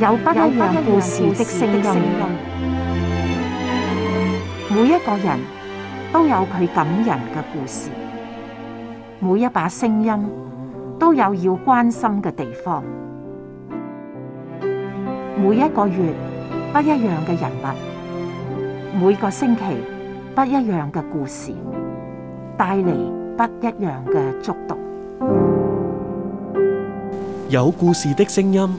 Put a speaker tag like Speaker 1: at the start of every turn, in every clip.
Speaker 1: 有不一樣故事的聲音，每一個人都有佢感人嘅故事，每一把聲音都有要關心嘅地方，每一個月，不一樣嘅人物，每個星期，不一樣嘅故事，帶嚟不一樣嘅觸動。
Speaker 2: 有故事的聲音。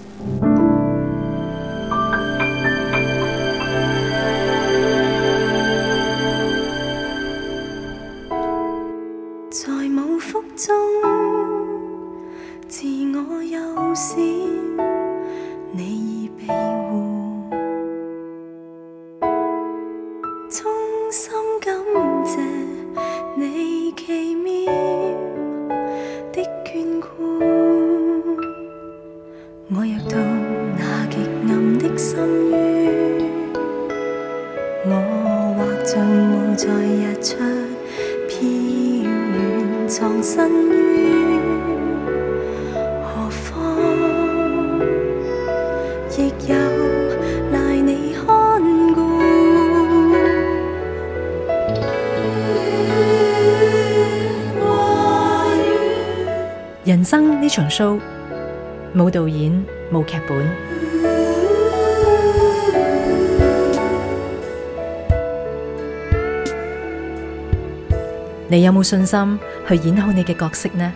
Speaker 1: 場 show 冇導演冇劇本，你有冇信心去演好你嘅角色呢？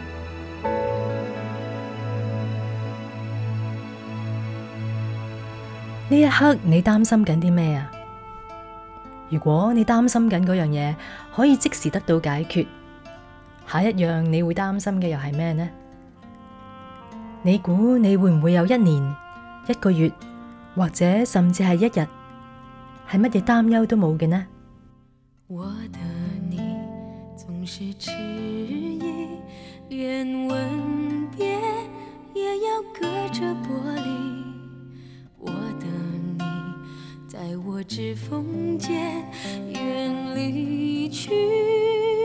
Speaker 1: 呢一刻你擔心緊啲咩呀？如果你擔心緊嗰樣嘢，可以即時得到解決，下一樣你會擔心嘅又係咩呢？你估你會唔會有一年、一個月，或者甚至係一日，係乜嘢擔憂都冇嘅呢？我等你，總是遲疑，連吻
Speaker 3: 別也要隔着玻璃。我等你，在我指縫間遠離去。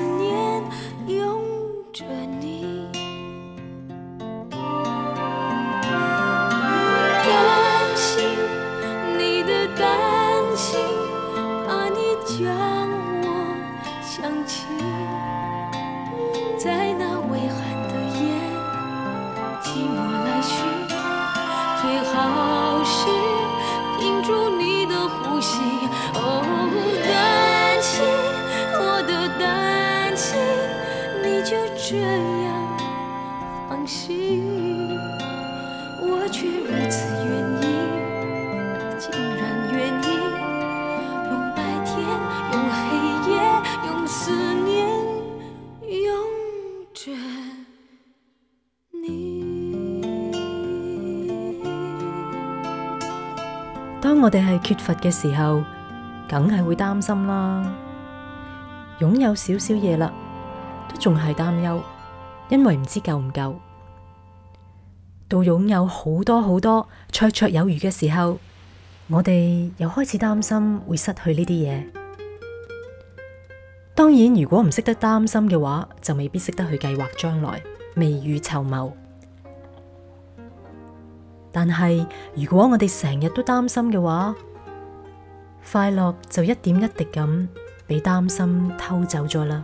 Speaker 1: 當我哋係缺乏嘅時候，梗係會擔心啦。擁有少少嘢啦，都仲係擔憂，因為唔知夠唔夠。到擁有好多好多綽綽有餘嘅時候，我哋又開始擔心會失去呢啲嘢。當然，如果唔識得擔心嘅話，就未必識得去計劃將來，未雨綢繆。但係，如果我哋成日都擔心嘅話，快樂就一點一滴咁畀擔心偷走咗啦。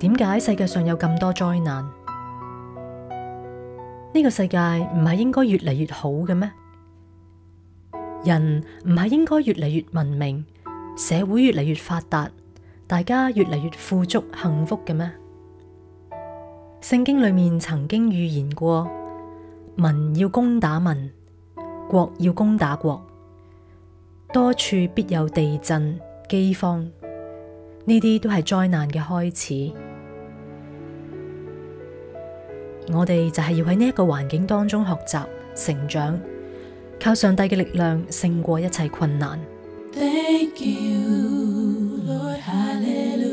Speaker 1: 點解世界上有咁多災難？呢個世界唔係應該越嚟越好嘅咩？人唔係應該越嚟越文明，社會越嚟越發達，大家越嚟越富足幸福嘅咩？聖經裏面曾經預言過：民要攻打民，國要攻打國。多處必有地震、饑荒，呢啲都係災難嘅開始。我哋就係要喺呢一個環境當中學習、成長，靠上帝嘅力量勝過一切困難。
Speaker 4: Thank you, Lord, Hallelujah.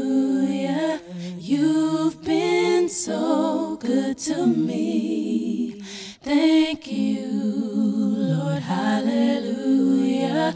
Speaker 4: You've been so good to me. Thank you, Lord, Hallelujah.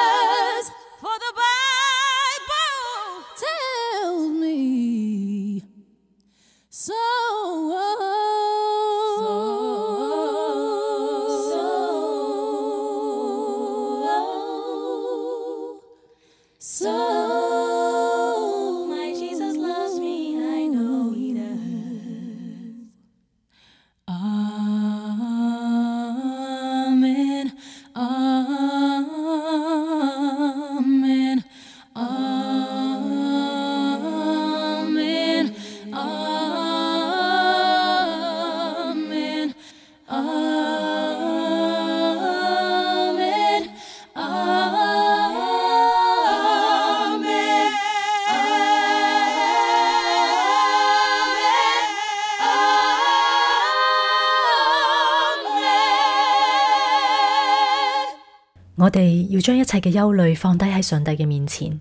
Speaker 1: 將一切嘅憂慮放低喺上帝嘅面前，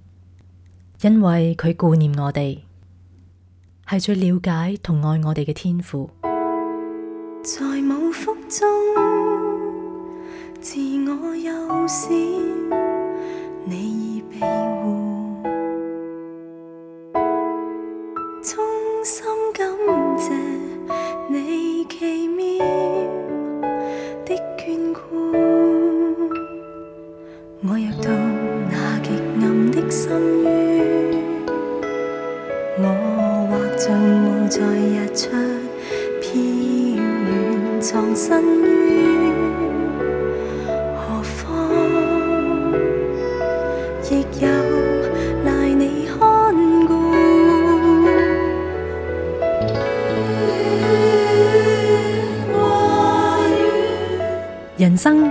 Speaker 1: 因為佢顧念我哋，係最了解同愛我哋嘅天父。